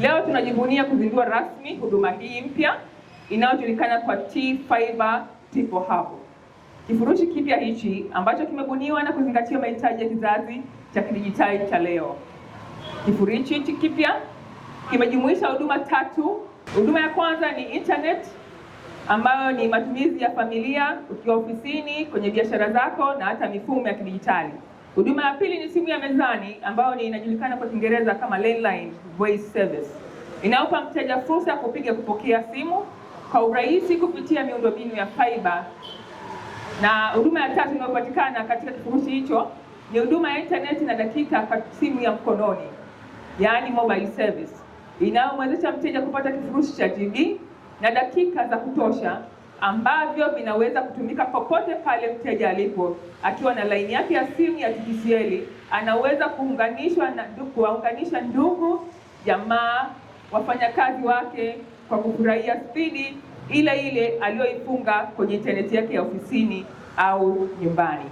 Leo tunajivunia kuzindua rasmi huduma hii mpya inayojulikana kwa T-Fiber Tipo Hub. Kifurushi kipya hichi ambacho kimebuniwa na kuzingatia mahitaji ya kizazi cha kidijitali cha leo. Kifurushi hichi kipya kimejumuisha huduma tatu. Huduma ya kwanza ni internet ambayo ni matumizi ya familia ukiwa ofisini, kwenye biashara zako na hata mifumo ya kidijitali. Huduma ya pili ni simu ya mezani ambayo ni inajulikana kwa Kiingereza kama landline voice service, inayopa mteja fursa ya kupiga kupokea simu kwa urahisi kupitia miundombinu ya fiber. Na huduma ya tatu inayopatikana katika kifurushi hicho ni huduma ya internet na dakika kwa simu ya mkononi, yaani mobile service, inayomwezesha mteja kupata kifurushi cha GB na dakika za kutosha ambavyo vinaweza kutumika popote pale mteja alipo. Akiwa na laini yake ya simu ya TTCL anaweza kuunganishwa na kuwaunganisha ndugu, jamaa, wafanyakazi wake kwa kufurahia spidi ile ile aliyoifunga kwenye intaneti yake ya ofisini au nyumbani.